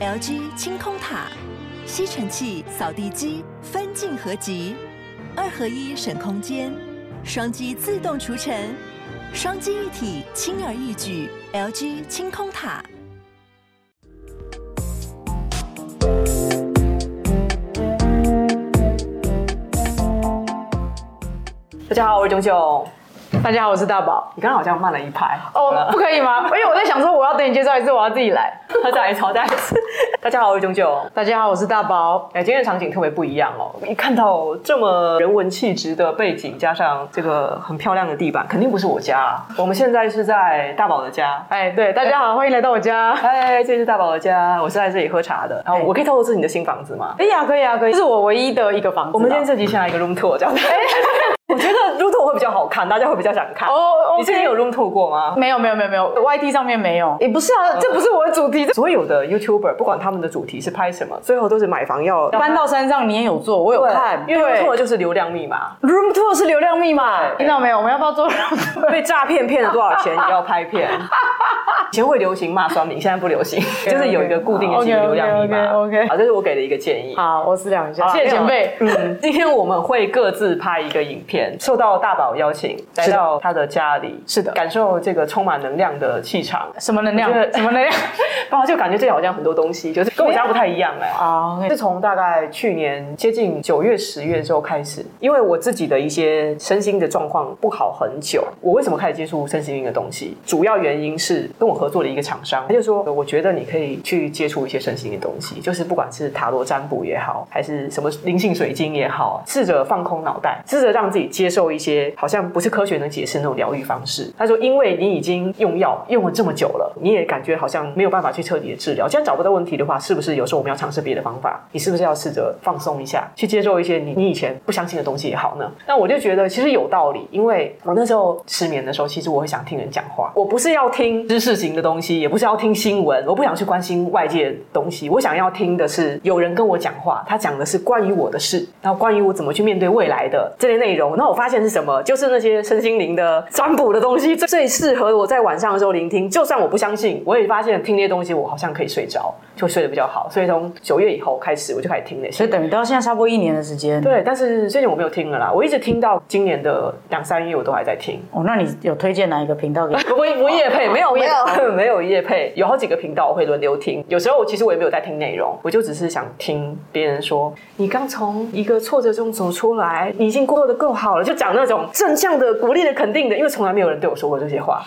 LG 清空塔，吸塵器、掃地機分鏡合集，二合一省空間，雙擊自動除塵，雙機一體輕而易舉。LG 清空塔。大家好，我是冏冏。大家好，我是大寶。你剛剛好像慢了一拍了哦，不可以嗎？因為我在想說，我要等你介紹一次，我要自己來。 再介紹一次。大家好，我是冏冏。大家好，我是大寶。哎，今天的場景特別不一樣哦。一看到這麼人文氣質的背景，加上這個很漂亮的地板，肯定不是我家。 我們現在是在大寶的家。哎，對，大家好，哎、歡迎來到我家。哎，這是大寶的家，我是在這裡喝茶的。啊、哎，然後我可以透露是你的新房子嗎？哎呀，可以啊，可以。這是我唯一的一個房子。我們今天這集像一個 Room Tour 這樣子。哎 我覺得 room tour 會比較好看，大家會比較想看。哦、oh, okay，你之前有 room tour 過嗎？沒有，沒有，沒有，沒有。Y T 上面沒有。也、欸、不是啊、嗯，這不是我的主題。所有的 YouTuber 不管他們的主題是拍什麼，最後都是買房要搬到山上。你也有做，我有看。因為 room tour 就是流量密碼。room tour 是流量密碼，聽到沒有？我們要不要做？ 被詐騙騙了多少錢也 要拍片？ 以前會流行罵酸民，現在不流行， okay, okay, 就是有一個固定的流量密碼。OK，好、okay, okay,，okay, okay, okay. 這是我給的一個建議。好，我思量一下。謝謝前輩。嗯，今天我們會各自拍一個影片，受到大寶邀請來到他的家裡，是的，是的，感受這個充滿能量的氣場。什麼能量？什麼能量？哇， 就感覺這裡好像很多東西，就是跟我家不太一樣哎。啊、 oh,，okay. 是從大概去年接近九月、十月的時候開始、嗯，因為我自己的一些身心的狀況不好很久。我為什麼開始接觸身心靈的東西？主要原因是跟我。合作的一個廠商，他就說：“我覺得你可以去接觸一些神奇的東西，就是不管是塔羅占卜也好，還是什麼靈性水晶也好，試着放空腦袋，試着讓自己接受一些好像不是科學能解釋的那種療癒方式。”他說：“因為你已經用藥用了這麼久了，你也感覺好像沒有辦法去徹底的治療。既然找不到問題的話，是不是有時候我們要嘗試別的方法？你是不是要試着放鬆一下，去接受一些你你以前不相信的東西也好呢？”那我就覺得其實有道理，因為我那時候失眠的時候，其實我會想聽人講話。我不是要聽，知識性。的東西也不是要聽新聞，我不想去關心外界的東西，我想要聽的是有人跟我講話，他講的是關於我的事，然後關於我怎麼去面對未來的這些內容。那我發現是什麼？就是那些身心靈的占卜的東西，最最適合我在晚上的時候聆聽。就算我不相信，我也發現聽這些東西，我好像可以睡着，就睡得比較好。所以從九月以後開始，我就開始聽那些。所以等於到現在差不多一年的時間、嗯。對，但是最近我沒有聽了啦，我一直聽到今年的兩三月，我都還在聽。哦，那你有推薦哪一個頻道給我？我我也配沒有，沒有。沒有業配，有好幾個頻道我會輪流聽。有時候我其實我也沒有在聽內容，我就只是想聽別人說，你剛從一個挫折中走出來，你已經過得夠好了，就講那種正向的、鼓勵的、肯定的。因為從來沒有人對我說過這些話，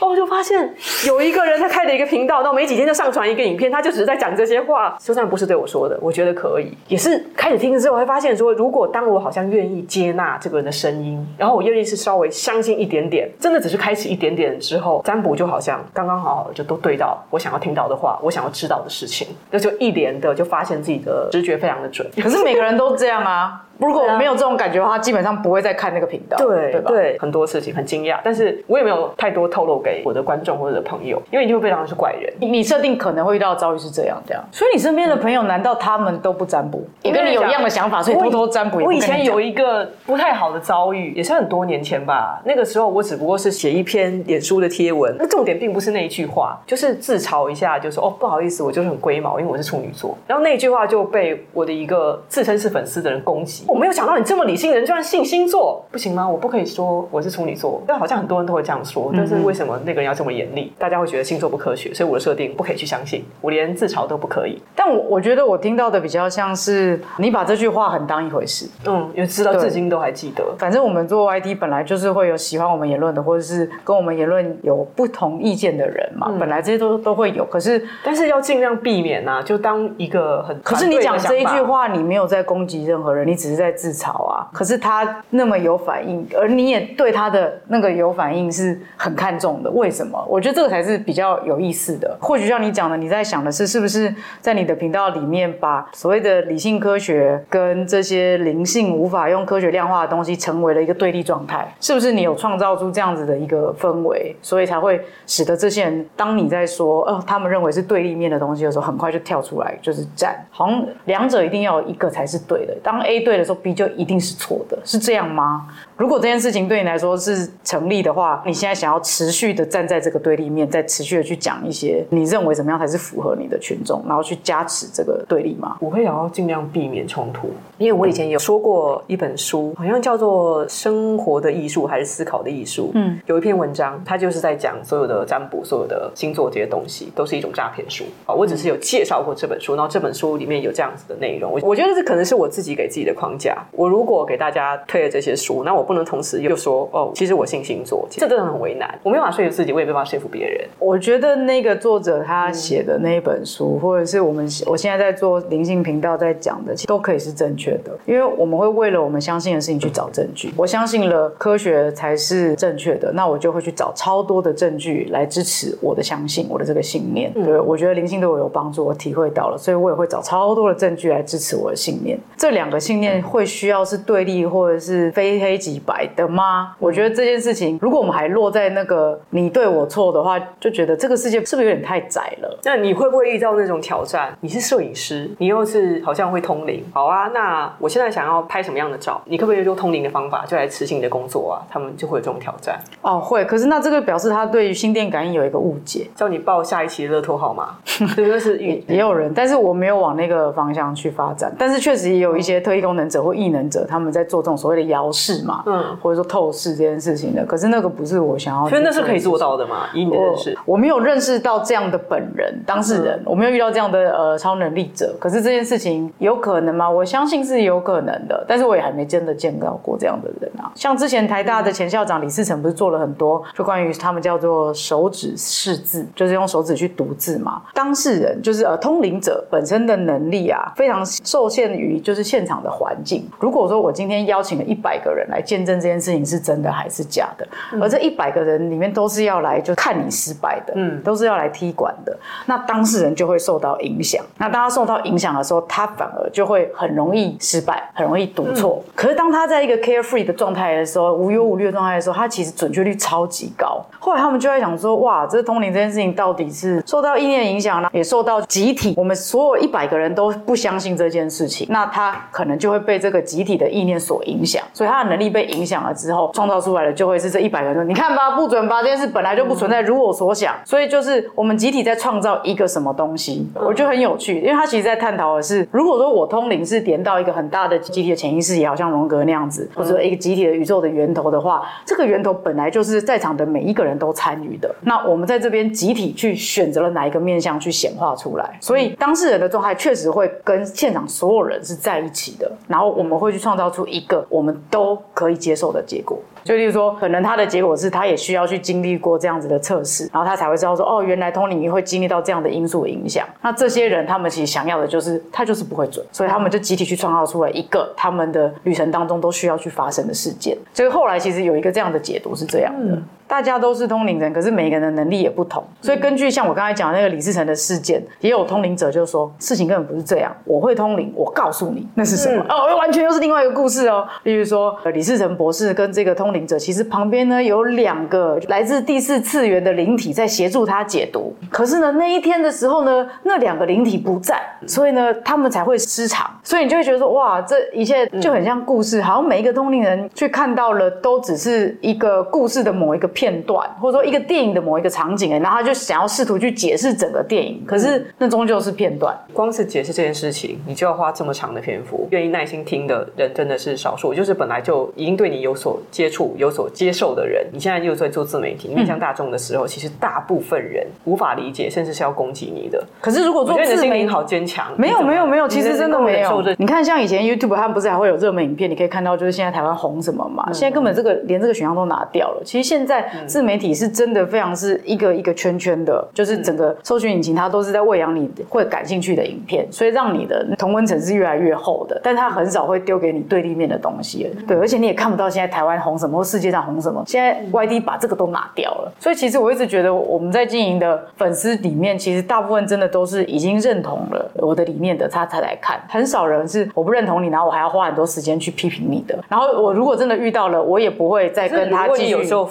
哦，我就發現有一個人他開了一個頻道，到沒幾天就上傳一個影片，他就只是在講這些話，雖然不是對我說的，我覺得可以。也是開始聽了之後，我會發現說，如果當我好像願意接納這個人的聲音，然後我願意是稍微相信一點點，真的只是開始一點點之後，占卜就好像剛剛。剛好就都對到我想要聽到的話，我想要知道的事情，那就一連的就發現自己的直覺非常的準。可是每個人都這樣啊， 啊如果沒有這種感覺的話，基本上不會再看那個頻道，對對吧對？很多事情很驚訝，但是我也沒有太多透露給我的觀眾或者朋友，因為你會變成是怪人。你設定可能會遇到的遭遇是這樣這樣，啊，所以你身邊的朋友難道他們都不占卜我？也跟你有一樣的想法，所以偷偷占卜。我以前有一個不太好的遭遇，也是很多年前吧。那個時候我只不過是寫一篇臉書的貼文，那重點並不是。那句話就是自嘲一下，就說哦不好意思，我就是很龜毛，因為我是處女座。然後那句話就被我的一個自稱是粉絲的人攻擊。嗯、我沒有想到你這麼理性的人居然信星座，不行嗎？我不可以說我是處女座，但好像很多人都會這樣說。但是為什麼那個人要這麼嚴厲？嗯、大家會覺得星座不科學，所以我的設定不可以去相信，我連自嘲都不可以。但我我覺得我聽到的比較像是你把這句話很當一回事，嗯，有知道至今都還記得。反正我們做 ID 本來就是會有喜歡我們言論的，或者是跟我們言論有不同意見的。人、嗯、嘛，本來這些都都會有，可是但是要盡量避免啊。就當一個很可是你講這一句話，你沒有在攻擊任何人，你只是在自嘲啊。可是他那麼有反應，而你也對他的那個有反應是很看重的。為什麼？我覺得這個才是比較有意思的。或許像你講的，你在想的是，是不是在你的頻道裡面，把所謂的理性科學跟這些靈性無法用科學量化的東西，成為了一個對立狀態？是不是你有創造出這樣子的一個氛圍，所以才會使得這些。現，當你在說，哦，他們認為是對立面的東西的時候，很快就跳出來，就是站，好像兩者一定要有一個才是對的。當 A 對的時候，B 就一定是錯的，是這樣嗎？如果這件事情對你來說是成立的話，你現在想要持續的站在這個對立面，再持續的去講一些你認為怎麼樣才是符合你的群眾，然後去加持這個對立嗎？我會想要盡量避免衝突，因為我以前有說過一本書，好像叫做《生活的藝術》還是《思考的藝術》。嗯，有一篇文章，它就是在講所有的占卜、所有的星座這些東西，都是一種詐騙書。啊。我只是有介紹過這本書，然後這本書裡面有這樣子的內容。我我覺得這可能是我自己給自己的框架。我如果給大家推了這些書，那我。不能同時又說哦，其實我信星座，這真的很為難。我沒辦法說服自己，我也沒辦法說服別人。我覺得那個作者他寫的那一本書、嗯，或者是我們我現在在做靈性頻道在講的，其實都可以是正確的，因為我們會為了我們相信的事情去找證據。嗯、我相信了科學才是正確的，那我就會去找超多的證據來支持我的相信，我的這個信念。嗯、對，我覺得靈性對我有幫助，我體會到了，所以我也會找超多的證據來支持我的信念。這兩個信念會需要是對立，或者是非黑即。白的嗎？我覺得這件事情，如果我們還落在那個你對我錯的話，就覺得這個世界是不是有點太窄了？那你會不會遇到那種挑戰？你是攝影師，你又是好像會通靈，好啊。那我現在想要拍什麼樣的照，你可不可以用通靈的方法就來執行你的工作啊？他們就會有這種挑戰哦，會。可是那這個表示他對於心電感應有一個誤解，叫你報下一期的樂透號碼？這個是也也有人，但是我沒有往那個方向去發展。但是確實也有一些特異功能者或異能者，他們在做這種所謂的遙視嘛。嗯，或者說透視這件事情的，可是那個不是我想要。所以那是可以做到的嗎？以你的認識，我沒有認識到這樣的本人當事人、嗯，我沒有遇到這樣的呃超能力者。可是這件事情有可能嗎？我相信是有可能的，但是我也還沒真的見到過這樣的人啊。像之前台大的前校長李嗣涔，不是做了很多就關於他們叫做手指識字，就是用手指去讀字嘛？當事人就是呃通靈者本身的能力啊，非常受限於就是現場的環境。如果說我今天邀請了一百個人來見。驗證這件事情是真的還是假的？而這一百個人裡面都是要來就看你失敗的，嗯，都是要來踢館的。那當事人就會受到影響。那當他受到影響的時候，他反而就會很容易失敗，很容易讀錯、嗯。可是當他在一個 carefree 的狀態的時候，無憂無慮的狀態的時候，他其實準確率超級高。後來他們就在想說，哇，這通靈這件事情到底是受到意念影響呢？也受到集體。我們所有一百個人都不相信這件事情，那他可能就會被這個集體的意念所影響，所以他的能力被。影響了之後，創造出來的就會是這一百個人說。你看吧，不準吧？這件事本來就不存在，嗯、如我所想。所以就是我們集體在創造一個什麼東西，嗯、我覺得很有趣，因為他其實在探討的是，如果說我通靈是點到一個很大的集體的潛意識，也好像榮格那樣子，或者說一個集體的宇宙的源頭的話、嗯，這個源頭本來就是在場的每一個人都參與的。那我們在這邊集體去選擇了哪一個面向去顯化出來，所以當事人的狀態確實會跟現場所有人是在一起的。然後我們會去創造出一個我們都可以。接受的結果，就是說，可能他的結果是，他也需要去經歷過這樣子的測試，然後他才會知道說，哦，原來通靈會經歷到這樣的因素的影響。那這些人他們其實想要的就是，他就是不會準，所以他們就集體去創造出來一個他們的旅程當中都需要去發生的事件。所以後來其實有一個這樣的解讀是這樣的。嗯大家都是通靈人，可是每個人的能力也不同，所以根據像我剛才講的那個李自成的事件，也有通靈者就說事情根本不是這樣。我會通靈，我告訴你那是什麼？嗯，哦，完全又是另外一個故事哦。例如說李自成博士跟這個通靈者，其實旁邊呢有兩個來自第四次元的靈體在協助他解讀，可是呢那一天的時候呢，那兩個靈體不在，所以呢他們才會失常。所以你就會覺得說，哇，這一切就很像故事，好像每一個通靈人去看到了都只是一個故事的某一個。片段，或者說一個電影的某一個場景，然後他就想要試圖去解釋整個電影，可是那終究是片段、嗯。光是解釋這件事情，你就要花這麼長的篇幅，願意耐心聽的人真的是少數。就是本來就已經對你有所接觸、有所接受的人，你現在又在做自媒體面向、嗯、大眾的時候，其實大部分人無法理解，甚至是要攻擊你的。可是如果做自媒體，好堅強，沒有沒有沒有，其實真的沒有。你看像以前 YouTube，他們不是還會有熱門影片？你可以看到就是現在台灣紅什麼嘛？嗯、現在根本這個連這個選項都拿掉了。其實現在。自媒體是真的非常是一個一個圈圈的，就是整個搜尋引擎它都是在餵養你會感興趣的影片，所以讓你的同溫層是越來越厚的，但它很少會丟給你對立面的東西，對，而且你也看不到現在台灣紅什麼或世界上紅什麼。現在 Y D 把這個都拿掉了，所以其實我一直覺得我們在經營的粉絲裡面，其實大部分真的都是已經認同了我的理念的，他才來看，很少人是我不認同你，然後我還要花很多時間去批評你的。然後我如果真的遇到了，我也不會再跟他繼續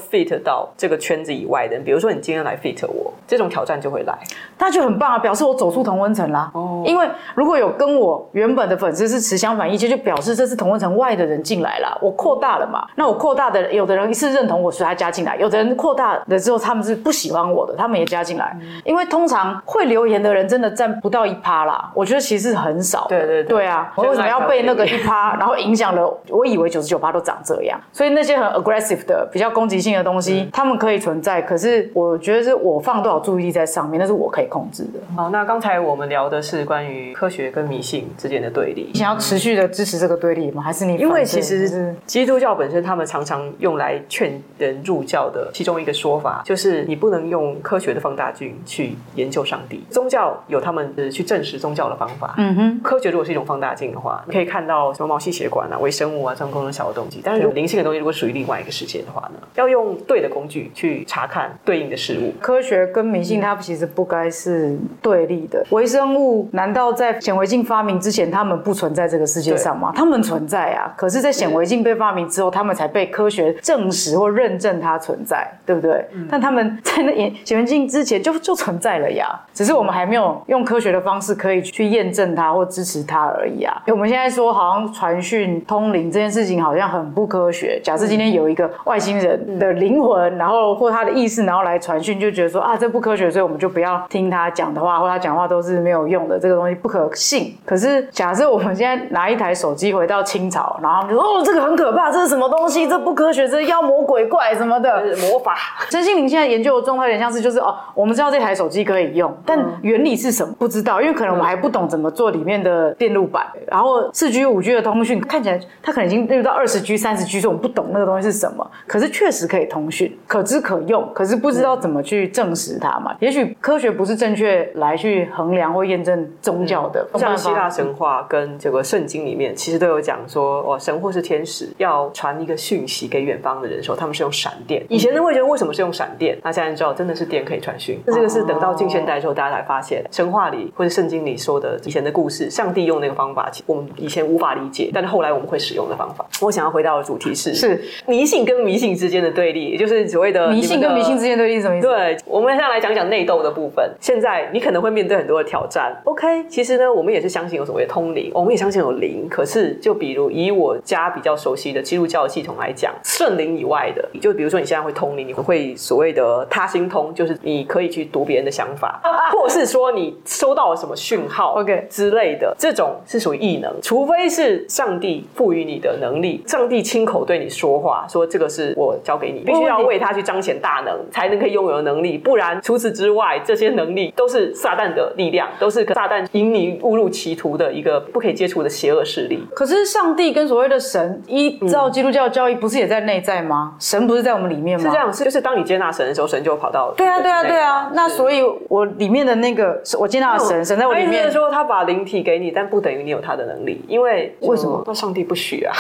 到這個圈子以外的人，比如說你今天來 fit 我，這種挑戰就會來，那就很棒啊，表示我走出同溫層啦。哦、oh.，因為如果有跟我原本的粉絲是持相反意見，就表示這是同溫層外的人進來了，我擴大了嘛、嗯。那我擴大的，有的人是認同我，所以他加進來；，有的人擴大了之後，他們是不喜歡我的，他們也加進來。嗯、因為通常會留言的人真的占不到一趴啦，我覺得其實很少。對對對，對啊，我為什麼要被那個一趴，然後影響了？嗯、 我以為九十九趴都長這樣，所以那些很 aggressive 的、比較攻擊性的東西。他們可以存在，可是我覺得是我放多少注意力在上面，那是我可以控制的。好，那剛才我們聊的是關於科學跟迷信之間的對立。你想要持續的支持這個對立嗎？還是你因為其實基督教本身，他們常常用來勸人入教的其中一個說法，就是你不能用科學的放大鏡去研究上帝。宗教有他們的去證實宗教的方法。嗯哼，科學如果是一種放大鏡的話，你可以看到什麼毛細血管啊、微生物啊、這麼功能小的東西。但是靈性的東西如果屬於另外一個世界的話呢，要用對。工具去查看對應的事物，科學跟迷信它，其實不該是對立的。嗯。微生物難道在顯微鏡發明之前，它們不存在這個世界上嗎？它們存在啊，可是，在顯微鏡被發明之後，嗯，它們才被科學證實或認證它存在，對不對？嗯、但他們在那顯微鏡之前就就存在了呀，只是我們還沒有用科學的方式可以去驗證它或支持它而已啊。因為我們現在說好像傳訊通靈這件事情好像很不科學。假設今天有一個外星人的靈魂，嗯。嗯然後或他的意思，然後來傳訊，就覺得說啊，這不科學，所以我們就不要聽他講的話，或他講話都是沒有用的，這個東西不可信。可是假設我們現在拿一台手機回到清朝，然後就說哦，這個很可怕，這是什麼東西？這不科學，這妖魔鬼怪什麼的，魔法。身心靈現在研究的狀態有點像是，就是哦，我們知道這台手機可以用，但原理是什麼不知道，因為可能我們還不懂怎麼做裡面的電路板。然後四 G、五 G 的通訊看起來，它可能已經進入到二十 G、三十 G，所以我們不懂那個東西是什麼，可是確實可以通訊。可知可用，可是不知道怎麼去證實它嘛？也許科學不是正確來去衡量或驗證宗教的，嗯、像希臘神話跟這個聖經裡面，其實都有講說，哦，神或是天使要傳一個訊息給遠方的人說，說他們是用閃電。嗯、以前的人會覺得為什麼是用閃電？那現在知道真的是電可以傳訊。那這個是等到近現代之後，哦，大家才發現神話裡或者聖經裡說的以前的故事，上帝用那個方法，其實我們以前無法理解，但是後來我們會使用的方法。我想要回到的主題是：是迷信跟迷信之間的對立。也就就是所謂的迷信跟迷信之間什麼意思？對，我們現在來講講內鬥的部分。現在你可能會面對很多的挑戰。OK，其實呢，我們也是相信有所謂的通靈，我們也相信有靈。可是，就比如以我家比較熟悉的基督教系統來講，聖靈以外的，就比如說你現在會通靈，你會所謂的他心通，就是你可以去讀別人的想法，或是說你收到了什麼訊號，OK 之類的，這種是屬於異能，除非是上帝賦予你的能力，上帝親口對你說話，說這個是我交給你，必須要。為他去彰顯大能，才能可以擁有能力，不然除此之外，這些能力都是撒旦的力量，都是撒旦引你誤入歧途的一個不可以接觸的邪惡勢力。可是上帝跟所謂的神，依照基督教教義，不是也在內在嗎、嗯？神不是在我們裡面嗎？是這樣，是就是當你接納神的時候，神就跑到。對啊，對啊，對啊，對啊。那所以我裡面的那個我接納神，神在我裡面的時候，他，他把靈體給你，但不等於你有他的能力，因為為什麼、嗯？那上帝不許啊？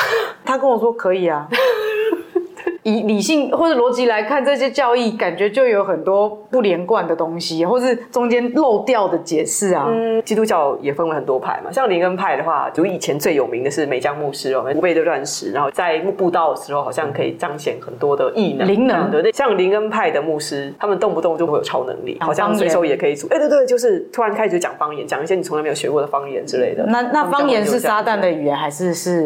他跟我說可以啊。 以理性或者邏輯來看，這些教義感覺就有很多不連貫的東西，或是中間漏掉的解釋啊、嗯。基督教也分為很多派嘛，像靈恩派的話，就以前最有名的是美江牧師哦，不背的鑽石，然後在布道的時候好像可以彰顯很多的異能。靈能的那、嗯、像靈恩派的牧師，他們動不動就會有超能力，啊、好像隨手也可以組。哎、欸、對對，就是突然開始講方言，講一些你從來沒有學過的方言之類的。嗯、那那方言是撒旦的語言還是是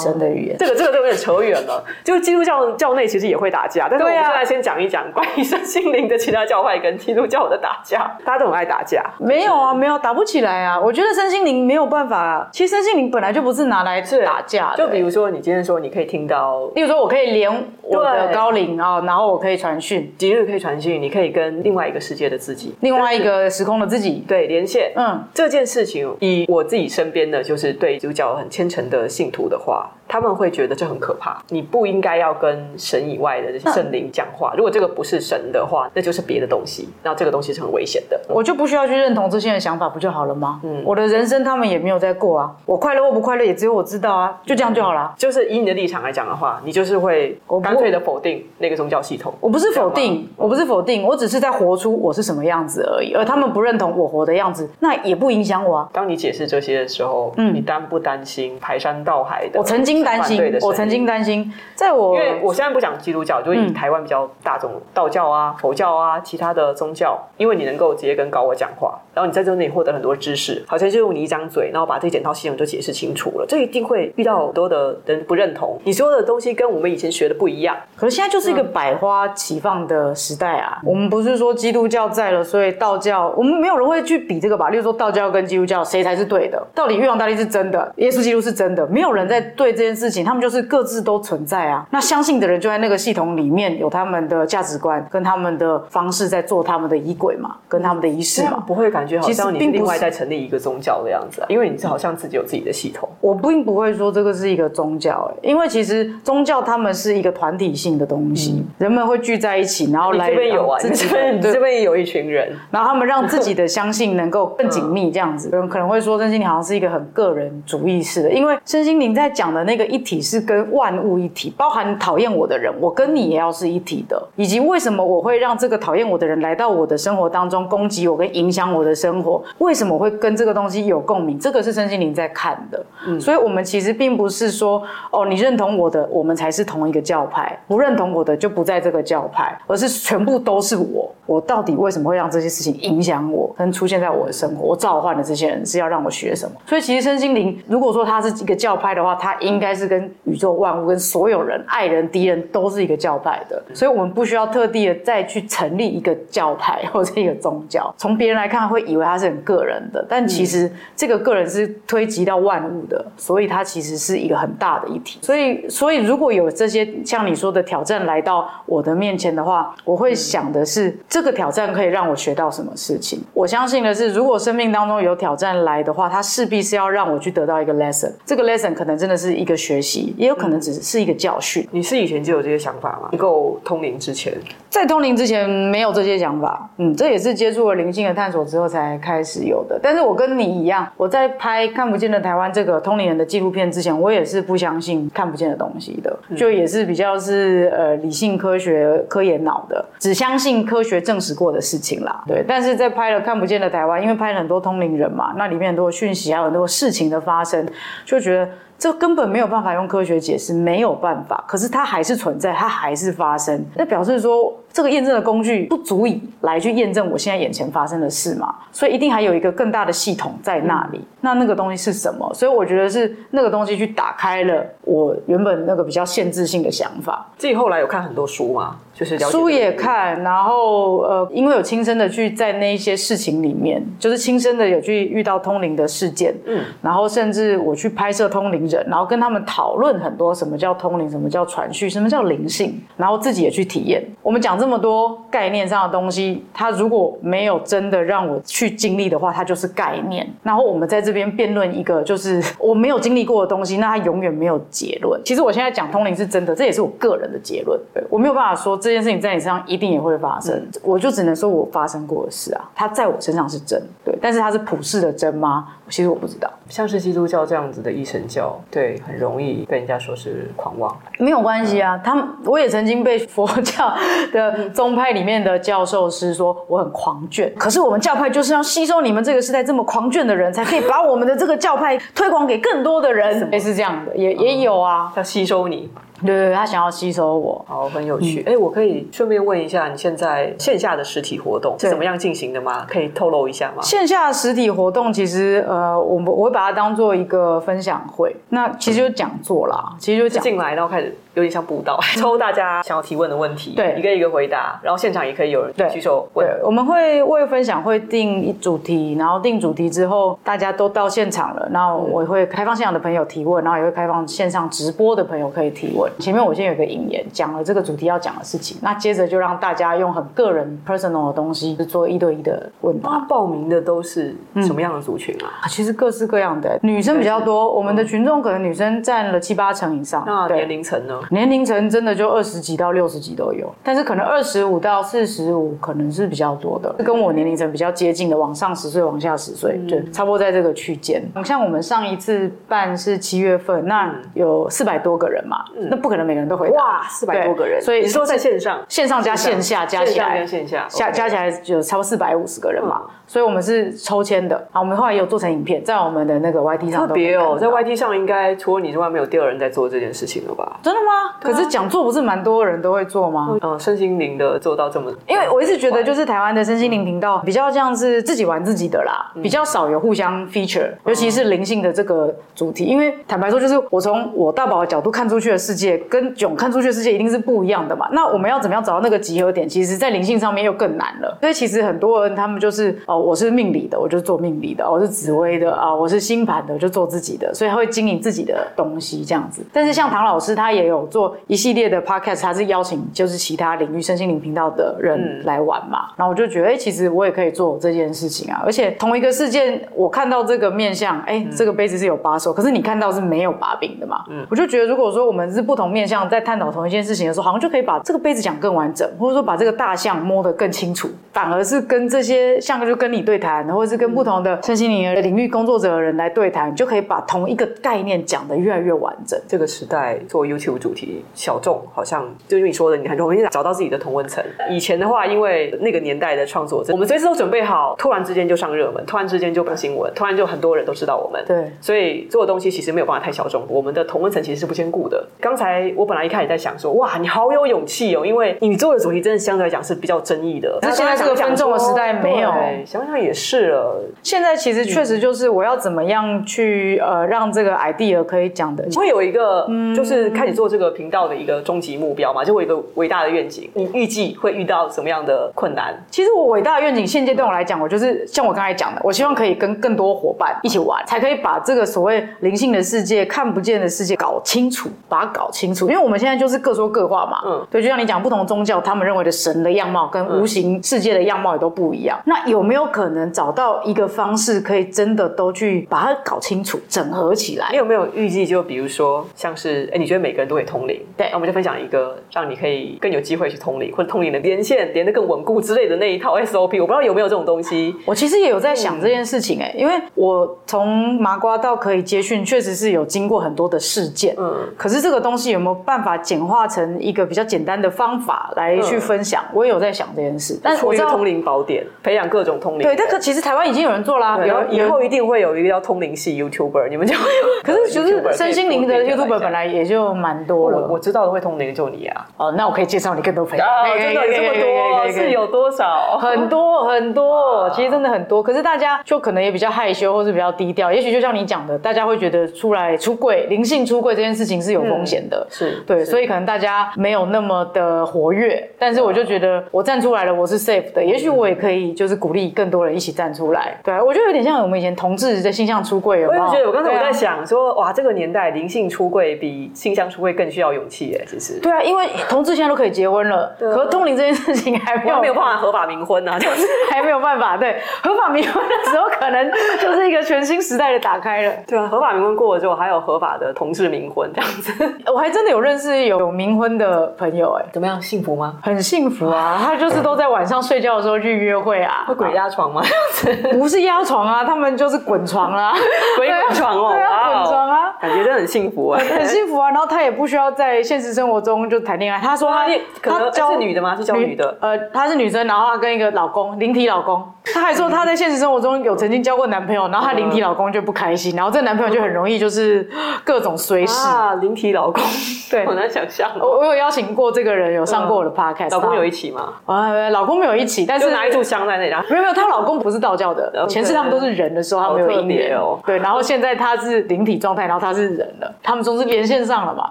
真的語言？哦、這個這個就有點扯遠了、啊，就基督教教，教其實也會打架，但是我們現在先講一講、啊、關於身心靈的其他教派跟基督教我的打架，大家都很愛打架。沒有啊，沒有打不起來啊。我覺得身心靈沒有辦法，其實身心靈本來就不是拿來打架的、欸。就比如說，你今天說你可以聽到，例如說我可以連我的高靈啊，然後我可以傳訊，即日可以傳訊，你可以跟另外一個世界的自己，另外一個時空的自己對連線。嗯，這件事情以我自己身邊的就是對基督教很虔誠的信徒的話。他們會覺得這很可怕，你不應該要跟神以外的這些聖靈講話。如果這個不是神的話，那就是別的東西，那這個東西是很危險的。我就不需要去認同這些人的想法，不就好了嗎？嗯，我的人生他們也沒有在過啊，我快樂或不快樂，也只有我知道啊，就這樣就好了、嗯。就是以你的立場來講的話，你就是會我乾脆的否定那個宗教系統我。我不是否定，我不是否定，我只是在活出我是什麼樣子而已，而他們不認同我活的樣子，那也不影響我、啊。當你解釋這些的時候，嗯，你擔不擔心排山倒海的？我曾經。擔心，我曾經擔心，在我，因為我現在不講基督教，就是台灣比較大眾道教啊、佛教啊、其他的宗教，因為你能夠直接跟高我講話。然後你在這裡獲得很多知識，好像就用你一張嘴，然後把這整套系統就解釋清楚了。這一定會遇到很多的人不認同，你說的東西跟我們以前學的不一樣。可是現在就是一個百花齊放的時代啊、嗯！我們不是說基督教在了，所以道教，我們沒有人會去比這個吧？例如說道教跟基督教誰才是對的？到底玉皇大帝是真的，耶穌基督是真的？沒有人在對這件事情，他們就是各自都存在啊。那相信的人就在那個系統裡面有他們的價值觀跟他們的方式在做他們的儀軌嘛、嗯，跟他們的儀式嘛，不會感。就好像你另外再成立一個宗教的樣子、啊，因為你是好像自己有自己的系統。我並不會說這個是一個宗教、欸，因為其實宗教他們是一個團體性的東西、嗯，人們會聚在一起，然後來這邊有玩、啊，這邊有一群人，然後他們讓自己的相信能夠更緊密這樣子。有、嗯、人可能會說，身心靈好像是一個很個人主義式的，因為身心靈在講的那個一體是跟萬物一體，包含討厭我的人，我跟你也要是一體的，以及為什麼我會讓這個討厭我的人來到我的生活當中攻擊我跟影響我的人。的生活為什麼會跟這個東西有共鳴？這個是身心靈在看的，嗯，所以，我們其實並不是說哦，你認同我的，我們才是同一個教派；不認同我的就不在這個教派，而是全部都是我。我到底為什麼會讓這些事情影響我，跟出現在我的生活？我召喚的這些人是要讓我學什麼？所以，其實身心靈如果說它是一個教派的話，它應該是跟宇宙萬物、跟所有人、愛人、敵人都是一個教派的。所以，我們不需要特地的再去成立一個教派或者一個宗教。從別人來看會。以為他是很個人的，但其實這個個人是推及到萬物的，嗯，所以他其實是一個很大的一體。所以，所以如果有這些像你說的挑戰來到我的面前的話，我會想的是這個挑戰可以讓我學到什麼事情。嗯、我相信的是，如果生命當中有挑戰來的話，他勢必是要讓我去得到一個 lesson。這個 lesson 可能真的是一個學習，也有可能只是一個教訓。你是以前就有這些想法嗎？不夠通靈之前，在通靈之前沒有這些想法。嗯，這也是接觸了靈性的探索之後才開始有的，但是我跟你一樣，我在拍《看不見的台灣》這個通靈人的紀錄片之前，我也是不相信看不見的東西的，就也是比較是呃理性科學科研腦的，只相信科學證實過的事情啦。對，但是在拍了《看不見的台灣》，因為拍了很多通靈人嘛，那裡面很多訊息，還有很多事情的發生，就覺得這根本沒有辦法用科學解釋，沒有辦法，可是它還是存在，它還是發生，那表示說，這個驗證的工具不足以來去驗證我現在眼前發生的事嘛，所以一定還有一個更大的系統在那裡。嗯。那那個東西是什麼？所以我覺得是那個東西去打開了我原本那個比較限制性的想法。自己後來有看很多書嗎？就是書也看，然後呃，因為有親身的去在那些事情裡面，就是親身的有去遇到通靈的事件，嗯，然後甚至我去拍攝通靈人，然後跟他們討論很多什麼叫通靈，什麼叫傳訊，什麼叫靈性，然後自己也去體驗。我們講。這麼多概念上的東西，它如果沒有真的讓我去經歷的話，它就是概念。然後我們在這邊辯論一個，就是我沒有經歷過的東西，那它永遠沒有結論。其實我現在講通靈是真的，這也是我個人的結論。對，我沒有辦法說這件事情在你身上一定也會發生。嗯，我就只能說我發生過的事啊，它在我身上是真，對，但是它是普世的真嗎？其實我不知道，像是基督教這樣子的一神教，對，很容易被人家說是狂妄。嗯、沒有關係啊，他們我也曾經被佛教的宗派裡面的教授師說我很狂狷，可是我們教派就是要吸收你們這個時代這麼狂狷的人，才可以把我們的這個教派推廣給更多的人。類似這樣的，也也有啊，嗯，要吸收你。對對，他想要吸收我，好，很有趣。哎、嗯，我可以順便問一下，你現在線下的實體活動是怎麼樣進行的嗎？可以透露一下嗎？線下的實體活動其實，呃，我們我會把它當做一個分享會，那其實就講座啦，嗯、其實就講座就進來然後開始。有點像補刀。抽大家想要提問的問題， 對，一個一個回答，然後現場也可以有人舉手問對。對，我們會為分享會定一主題，然後定主題之後，大家都到現場了，那我會開放現場的朋友提問，然後也會開放線上直播的朋友可以提問。前面我先有個引言，講了這個主題要講的事情，那接着就讓大家用很個人 personal 的東西，就是、做一對一的問答。報名的都是什麼樣的族群啊？其實各式各樣的、嗯，女生比較多，我們的群眾可能女生占了七八成以上。那、啊、年齡層呢？年齡層真的就二十幾到六十幾都有，但是可能二十五到四十五可能是比較多的，嗯、是跟我年齡層比較接近的，往上十歲，往下十歲、嗯，對，差不多在這個區間。像我們上一次辦是七月份，那有四百多個人嘛、嗯，那不可能每個人都回答哇四百多個人，所以你說在線上，線上加線下加起來，線上加線下，加、okay、加起來有差不多四百五十個人嘛、嗯，所以我們是抽籤的。啊，我們後來有做成影片，在我們的那個 YT 上特別哦，在 YT 上應該除了你之外沒有第二人在做這件事情了吧？真的嗎？啊，啊，可是講座不是蠻多人都會做嗎？嗯，嗯，身心靈的做到這麼，因為我一直覺得就是台灣的身心靈頻道比較像是自己玩自己的啦，嗯、比較少有互相 feature、嗯、尤其是靈性的這個主題，嗯、因為坦白說，就是我從我大寶的角度看出去的世界，跟冏看出去的世界一定是不一樣的嘛。那我們要怎麼樣找到那個集合點？其實，在靈性上面又更難了。所以其實很多人他們就是哦，我是命理的，我就是做命理的，哦、我是紫微的啊、哦，我是星盤的，我就做自己的，所以他會經營自己的東西這樣子。但是像唐老師，他也有。做一系列的 podcast，他是邀請就是其他領域身心靈頻道的人來玩嘛、嗯，然後我就覺得，哎、欸，其實我也可以做這件事情啊。而且同一個事件，我看到這個面向，哎、欸嗯，這個杯子是有把手，可是你看到是沒有把柄的嘛。嗯、我就覺得，如果說我們是不同面向在探討同一件事情的時候，好像就可以把這個杯子講更完整，或者說把這個大象摸得更清楚。反而是跟這些像就跟你對談，或者是跟不同的身心靈的領域工作者的人來對談，嗯、你就可以把同一個概念講得越來越完整。這個時代做 YouTube 主。主題小眾，好像就因為你說的，你很容易找到自己的同溫層。以前的話，因為那個年代的創作者，我們隨時都準備好，突然之間就上熱門，突然之間就上新聞，突然就很多人都知道我們。對，所以做的東西其實沒有辦法太小眾。我們的同溫層其實是不堅固的。剛才我本來一開始在想說，哇，你好有勇氣哦、喔，因為你做的主題真的相對來講是比較爭議的。那現在這個分眾的時代沒有，對，想想也是了。現在其實確實就是我要怎麼樣去、嗯、呃讓這個 idea 可以講的，會有一個就是開始做這個、嗯。這個頻道的一個終極目標嘛，就我一個偉大的願景。你預計會遇到什麼樣的困難？其實我偉大的願景，現階段我來講，我就是像我剛才講的，我希望可以跟更多伙伴一起玩，才可以把這個所謂靈性的世界、看不見的世界搞清楚，把它搞清楚。因為我們現在就是各說各話嘛，嗯，對。就像你講，不同宗教他們認為的神的樣貌跟無形世界的樣貌也都不一樣。嗯。那有沒有可能找到一個方式，可以真的都去把它搞清楚、整合起來？你有沒有預計，就比如說，像是哎，你覺得每個人都會？通靈，對，那我們就分享一個讓你可以更有機會去通靈，或者通靈的連線連的更穩固之類的那一套 SOP。我不知道有沒有這種東西。我其實也有在想這件事情哎、欸嗯，因為我從麻瓜到可以接訊，確實是有經過很多的事件。嗯，可是這個東西有沒有辦法簡化成一個比較簡單的方法來去分享？嗯、我也有在想這件事。但是我知道通靈寶典，培養各種通靈。對，但可其實台灣已經有人做了，比如以後一定會有一個叫通靈系 YouTuber，你們就會有。可是其實身心靈的 YouTuber 靈來本來也就蠻多。我我知道的會通哪個，就你啊。哦、oh,，那我可以介紹你更多朋友。啊，真的有這麼多？是有多少？很多很多，其實真的很多。可是大家就可能也比較害羞，或是比較低調。也許就像你講的，大家會覺得出來出櫃、靈性出櫃這件事情是有風險的、嗯。是，對是，所以可能大家沒有那麼的活躍。但是我就覺得我站出來了，我是 safe 的。也許我也可以就是鼓勵更多人一起站出來、嗯。對，我覺得有點像我們以前同志在性向出櫃，有沒有？我覺得我剛才我在想說、啊，哇，這個年代靈性出櫃比性向出櫃更。需要有勇氣哎、欸，其實對啊，因為同志現在都可以結婚了， 對可通靈這件事情還沒有還沒有辦法合法冥婚啊。就 是還沒有辦法，對合法冥婚的時候可能就是一個全新時代的打開了，對啊，合法冥婚過了之後還有合法的同志冥婚這樣子， 我還真的有認識有有冥婚的朋友哎、欸，怎麼樣幸福嗎？很幸福啊，他就是都在晚上睡覺的時候去約會啊，會鬼壓床嗎、啊？這樣子？不是壓床啊，他們就是滾床啊， 鬼滾床哦，滾床哦、對啊、滾床啊。感覺真的很幸福啊。很幸福啊！然後他也不需要在現實生活中就談戀愛。他說他，他可能教、欸、女的嗎？是教女的。呃，她是女生，然後她跟一個老公靈體老公。他還說他在現實生活中有曾經交過男朋友，然後他靈體老公就不開心，嗯、然後這男朋友就很容易就是各種衰事啊。靈體老公，對我難想象、啊。我我有邀請過這個人，有上過我的 podcast 老公有一起嗎？啊、呃，老公沒有一起，但是就拿一炷香在那裡。沒有沒有，她老公不是道教的，okay, 前世他們都是人的時候，他沒有姻緣哦。對，然後現在他是靈體狀態，然後他。他是人的，他們總是連線上了嘛，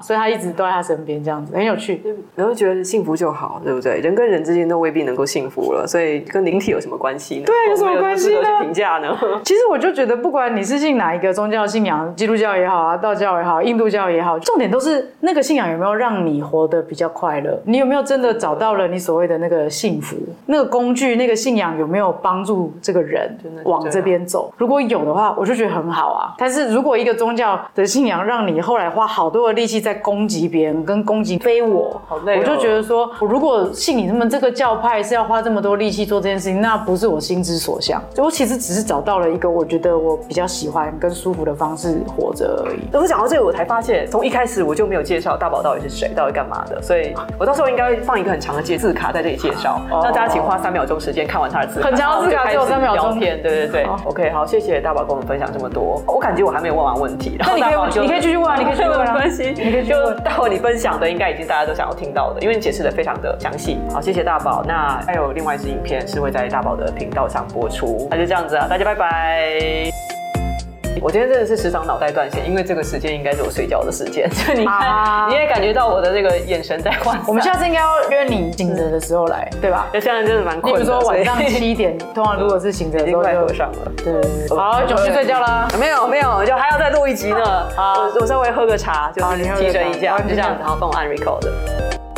所以他一直都在他身邊，這樣子很有趣。然後覺得幸福就好，對不對？人跟人之間都未必能夠幸福了，所以跟靈體有什麼關係呢？對，有、哦、什麼關係呢？評價呢？其實我就覺得，不管你是信哪一個宗教信仰，基督教也好啊，道教也好，印度教也好，重點都是那個信仰有沒有讓你活得比較快樂？你有沒有真的找到了你所謂的那個幸福？那個工具，那個信仰有沒有幫助這個人往這邊走？哦啊、如果有的話，我就覺得很好啊。但是如果一個宗教的信仰讓你後來花好多的力氣在攻擊別人跟攻擊非我，我就覺得說，我如果信你他們這個教派是要花這麼多力氣做這件事情，那不是我心之所向。所以我其實只是找到了一個我覺得我比較喜歡跟舒服的方式活着而已。哦、是講到這裡，我才、哦、發現從一開始我就沒有介紹大寶到底是誰，到底幹嘛的，所以我到時候應該放一個很長的介字卡在這裡介紹，那大家請花三秒鐘時間看完他的字卡，很長的字卡只有三秒鐘片，對對對、哦對、對、對、對，好好好。OK，好，謝謝大寶跟我們分享這麼多。我感覺我還沒有問完問題，然後呢。你可以繼續問、 啊， 你可以繼續問。就待會你分享的，應該已經大家都想要聽到的，因為你解釋的非常的詳細。好，謝謝大寶。那還有另外一支影片是會在大寶的頻道上播出，那就這樣子啊，大家拜拜。我今天真的是時常腦袋斷線，因為這個時間應該是我睡覺的時間，所 以你看、啊、你也感覺到我的這個眼神在換。我們下次應該要約你醒着的時候來，對吧？就現在就是蠻睏的。比如說晚上七點，通常如果是醒着都在候、嗯、上了，對對對對了對對對對。對，好，我去睡覺啦。沒有沒有，就還要再錄一集呢。啊、我我稍微喝個茶，就是提神一,一下，就這樣子，幫、嗯、我按 record。